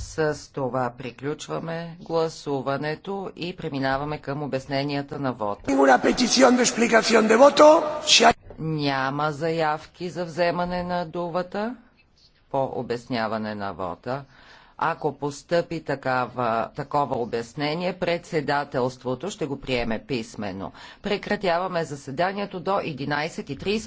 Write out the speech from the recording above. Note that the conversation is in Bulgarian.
С това приключваме гласуването и преминаваме към обясненията на вота. Няма заявки за вземане на думата по обясняване на вота. Ако постъпи такава, такова обяснение, председателството ще го приеме писменно. Прекратяваме заседанието до 11.30.